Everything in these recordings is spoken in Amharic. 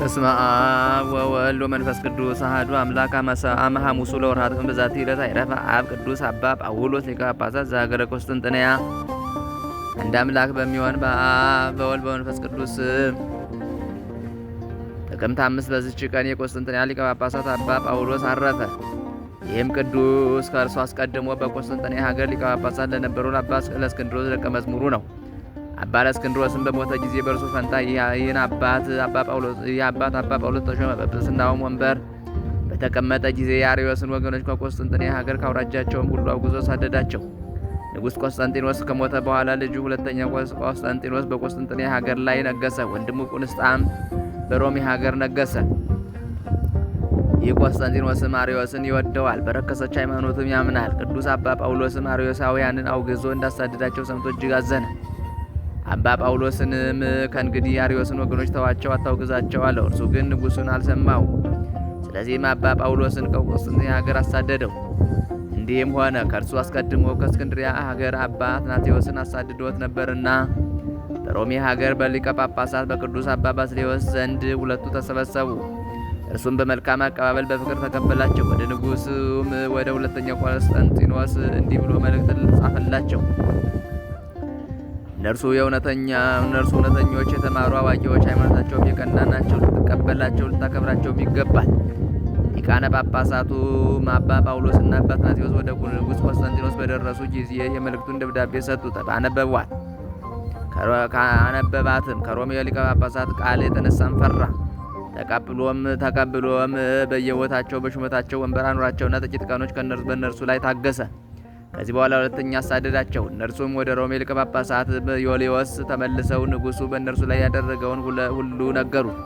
በስመ አብ ወወልድ ወመንፈስ ቅዱስ አሐዱ አምላክ አመ ሐሙሱ ለወርኃ ጥቅምት በዛቲ ዕለት አይረፈ አብ ቅዱስ አባ ጳውሎስ ሊቀ ጳጳሳት ዘሀገረ ቁስጥንጥንያ። አንድ አምላክ በሚሆን በአብ በወልድ በመንፈስ ቅዱስ ጥቅምት አምስት በዚች ቀን የቁስጥንጥንያ ሊቀ ጳጳሳት አባ ጳውሎስ አረፈ። ይህም ቅዱስ ከእርሱ አስቀድሞ በቁስጥንጥንያ ሀገር ሊቀ ጳጳሳት ለነበሩ ለአባ ለእስክንድሮስ ደቀ መዝሙሩ ነው። አባ እስክንድሮስን በሞተ ጊዜ በእርሱ ፈንታ ይህን አባት አባ ጳውሎስ ተሾመ። በጵጵስናውም ወንበር በተቀመጠ ጊዜ የአርዮስን ወገኖች ከቆስጥንጥንያ ሀገር ካውራጃቸውን ሁሉ አውግዞ ሳደዳቸው። ንጉሥ ቆስጠንጢኖስ ከሞተ በኋላ ልጁ ሁለተኛ ቆስጠንጢኖስ በቆስጠንጥንያ ሀገር ላይ ነገሰ። ወንድሙ ቁንስጣም በሮም ሀገር ነገሰ። ይህ ቆስጠንጢኖስም አርዮስን ይወደዋል፣ በረከሰች ሃይማኖትም ያምናል። ቅዱስ አባ ጳውሎስም አርዮሳውያንን አውግዞ እንዳሳደዳቸው ሰምቶ እጅግ አዘነ። አባ ጳውሎስንም ከእንግዲህ አርዮስን ወገኖች ተዋቸው፣ አታውግዛቸው አለው። እርሱ ግን ንጉሱን አልሰማው። ስለዚህም አባ ጳውሎስን ከቁስጥንጥንያ ሀገር አሳደደው። እንዲህም ሆነ ከእርሱ አስቀድሞ ከእስክንድሪያ ሀገር አባ አትናቴዎስን አሳድዶት ነበርና በሮሜ ሀገር በሊቀ ጳጳሳት በቅዱስ አባ ባስሌዎስ ዘንድ ሁለቱ ተሰበሰቡ። እርሱም በመልካም አቀባበል በፍቅር ተቀበላቸው። ወደ ንጉሱም ወደ ሁለተኛው ቆስጠንጢኖስ እንዲህ ብሎ መልእክት ጻፈላቸው። እነርሱ የእውነተኛ እነርሱ እውነተኞች የተማሩ አዋቂዎች ሃይማኖታቸው የቀና ናቸው። ልትቀበላቸው ልታከብራቸውም ይገባል። ሊቃነ ጳጳሳቱ አባ ጳውሎስና አባ አትናቴዎስ ወደ ንጉሥ ቆስጠንጢኖስ በደረሱ ጊዜ የመልእክቱን ደብዳቤ ሰጡት። አነበቧት አነበባትም። ከሮሜ ሊቀ ጳጳሳት ቃል የተነሳም ፈራ። ተቀብሎም ተቀብሎም በየቦታቸው በሹመታቸው ወንበር አኑራቸውና ጥቂት ቀኖች ከነርሱ በእነርሱ ላይ ታገሰ። ከዚህ በኋላ ሁለተኛ አሳደዳቸው። እነርሱም ወደ ሮሜ ሊቀ ጳጳሳት ዮሌዎስ ተመልሰው ንጉሱ በእነርሱ ላይ ያደረገውን ሁሉ ነገሩት።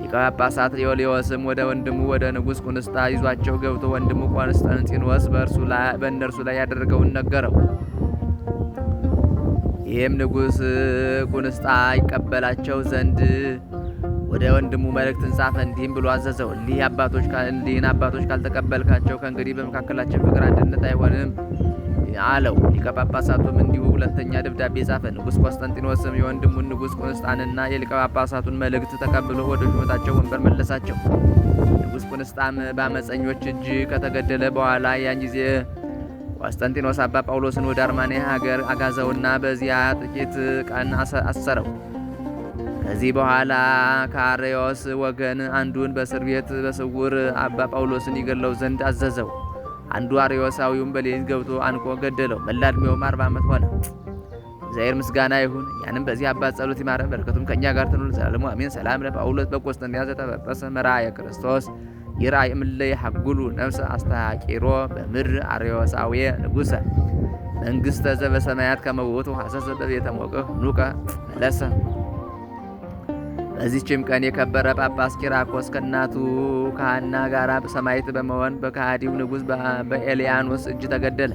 ሊቀ ጳጳሳት ዮሌዎስም ወደ ወንድሙ ወደ ንጉስ ቁንስጣ ይዟቸው ገብቶ ወንድሙ ቆንስጠንጢኖስ በእነርሱ ላይ ያደረገውን ነገረው። ይህም ንጉስ ቁንስጣ ይቀበላቸው ዘንድ ወደ ወንድሙ መልእክትን ጻፈ፣ እንዲህም ብሎ አዘዘው። እሊህ አባቶች እንዲህን አባቶች ካልተቀበልካቸው ከእንግዲህ በመካከላችን ፍቅር አንድነት አይሆንም አለው። ሊቀ ጳጳሳቱም እንዲሁ ሁለተኛ ደብዳቤ ጻፈ። ንጉሥ ቆስጠንጢኖስም የወንድሙን ንጉሥ ቁንስጣንና የሊቀ ጳጳሳቱን መልእክት ተቀብሎ ወደ ሹመታቸው ወንበር መለሳቸው። ንጉሥ ቁንስጣም በአመፀኞች እጅ ከተገደለ በኋላ ያን ጊዜ ቆስጠንጢኖስ አባ ጳውሎስን ወደ አርማኔ ሀገር አጋዘውና በዚያ ጥቂት ቀን አሰረው። ከዚህ በኋላ ከአርዮስ ወገን አንዱን በእስር ቤት በስውር አባ ጳውሎስን ይገለው ዘንድ አዘዘው። አንዱ አርዮሳዊውም በሌሊት ገብቶ አንቆ ገደለው። መላ ዕድሜውም አርባ ዓመት ሆነ። እግዚአብሔር ምስጋና ይሁን። ያንም በዚህ አባት ጸሎት ይማረን፣ በረከቱም ከእኛ ጋር ትኑር ዘላለሙ አሜን። ሰላም ለጳውሎስ በቆስጠንጥንያ ዘተበጠሰ መርአየ ክርስቶስ ይራ እምለይ ሐጉሉ ነፍሰ አስተቂሮ በምድር አርዮሳዌ ንጉሰ መንግሥተ ዘበሰማያት ከመውቱ ሐሰሰ በቤተ ሞቅህ ኑቀ መለሰ በዚህችም ቀን የከበረ ጳጳስ ኪራኮስ ከእናቱ ካህና ጋር ሰማዕት በመሆን በከሃዲው ንጉሥ በኤልያኖስ እጅ ተገደለ።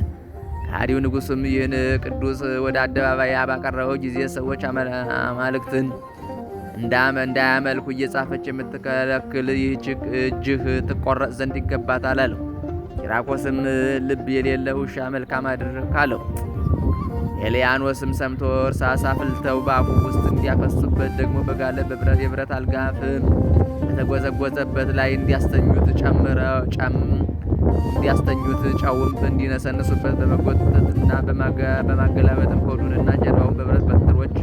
ከሃዲው ንጉሥም ይህን ቅዱስ ወደ አደባባይ ባቀረበው ጊዜ ሰዎች አማልክትን እንዳያመልኩ እየጻፈች የምትከለክል ይህች እጅህ ትቆረጥ ዘንድ ይገባታል አለው። ቂራቆስም ልብ የሌለ ውሻ መልካም አድርግ አለው። ኤልያኖስም ሰምቶ እርሳሳ ፍልተው በአፉ ውስጥ እንዲያፈሱበት ደግሞ በጋለ በብረት የብረት አልጋ ፍም በተጎዘጎዘበት ላይ እንዲያስተኙት ጨምረው ጨም እንዲያስተኙት ጨውም እንዲነሰንሱበት በመጎተትና በማገላበጥም ሆዱንና ጀርባውን በብረት በትሮች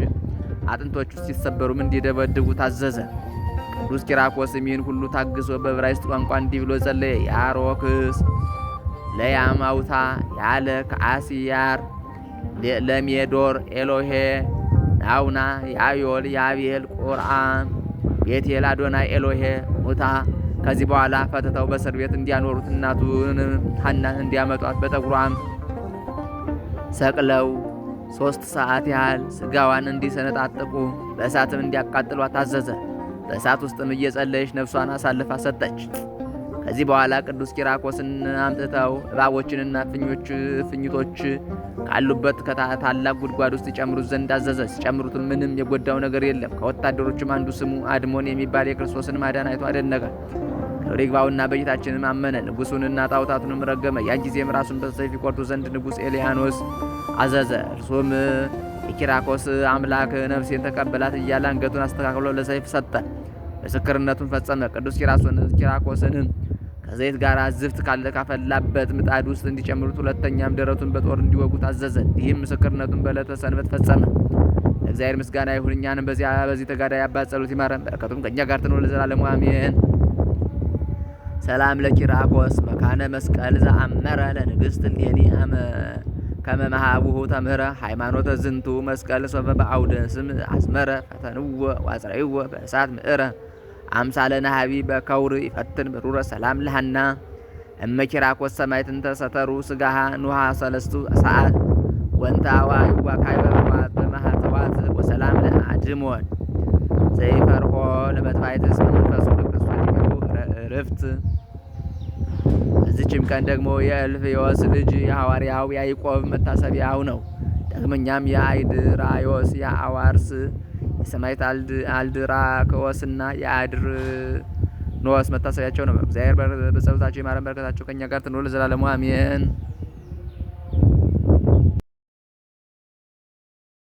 ውስጥ ሲሰበሩም እንዲደበድቡ ታዘዘ። ቅዱስ ኪራኮስም ይህን ሁሉ ታግሶ በዕብራይስጥ ቋንቋ እንዲህ ብሎ ጸለየ። ያሮክስ ለያማውታ ያለ ከአሲያር ለሜዶር፣ ኤሎሄ፣ ናውና የአዮል፣ የአቤል፣ ቁርአን ቤቴል፣ አዶና፣ ኤሎሄ፣ ሙታ። ከዚህ በኋላ ፈትተው በእስር ቤት እንዲያኖሩት እናቱን ሐናን እንዲያመጧት በጠጉሯም ሰቅለው ሶስት ሰዓት ያህል ስጋዋን እንዲሰነጣጥቁ በእሳትም እንዲያቃጥሏት አዘዘ። በእሳት ውስጥም እየጸለየች ነፍሷን አሳልፋ ሰጠች። ከዚህ በኋላ ቅዱስ ኪራኮስን አምጥተው እባቦችንና ፍኞች ፍኝቶች ካሉበት ከታላቅ ጉድጓድ ውስጥ ይጨምሩት ዘንድ አዘዘ። ሲጨምሩት ምንም የጎዳው ነገር የለም። ከወታደሮችም አንዱ ስሙ አድሞን የሚባል የክርስቶስን ማዳን አይቶ አደነቀ። ክብር በጌታችንም አመነ። ንጉሱንና ጣውታቱንም ረገመ። ያን ጊዜም ራሱን በሰይፍ ይቆርጡ ዘንድ ንጉሥ ኤልያኖስ አዘዘ። እርሱም የኪራኮስ አምላክ ነፍሴን ተቀበላት እያለ አንገቱን አስተካክሎ ለሰይፍ ሰጠ። ምስክርነቱን ፈጸመ። ቅዱስ ኪራኮስንም ከዘይት ጋር አዝፍት ካለ ካፈላበት ምጣድ ውስጥ እንዲጨምሩት፣ ሁለተኛም ደረቱን በጦር እንዲወጉት አዘዘ። ይህም ምስክርነቱን በዕለተ ሰንበት ፈጸመ። ለእግዚአብሔር ምስጋና ይሁን፣ እኛንም በዚያ በዚህ ተጋዳይ አባት ጸሎት ይማረን፣ በረከቱም ከእኛ ጋር ትኖር ለዘላለሙ አሜን። ሰላም ለኪራኮስ መካነ መስቀል ዘአመረ ለንግሥት እሌኒ አመ መሃቡሁ ተምህረ ሃይማኖተ ዝንቱ መስቀል ሶበ በአውደ ስም አስመረ ፈተንወ ዋጽረይዎ በእሳት ምዕረ አምሳለ ነሃቢ በከውር ይፈትን ብሩረ ሰላም ለሃና እመኪራኮስ ሰማይትን ተሰተሩ ስጋሃ ኑሃ ሰለስቱ ሰዓት ወንታ ዋይ ዋካይ በመዋት በማህተዋት ወሰላም ለአድሞን ዘይፈርሆ ለመጥፋይትስ በመንፈሱ ልቅሱ ርፍት እዚችም ቀን ደግሞ የእልፍ የወስ ልጅ የሐዋርያው ያይቆብ መታሰቢያው ነው። ዳግመኛም ራዮስ የአዋርስ የሰማዕት የአድር የአድርኖስ መታሰቢያቸው ነው። እግዚአብሔር በጸሎታቸው ይማረን፣ በረከታቸው ከእኛ ጋር ትኖር ለዘላለሙ አሜን።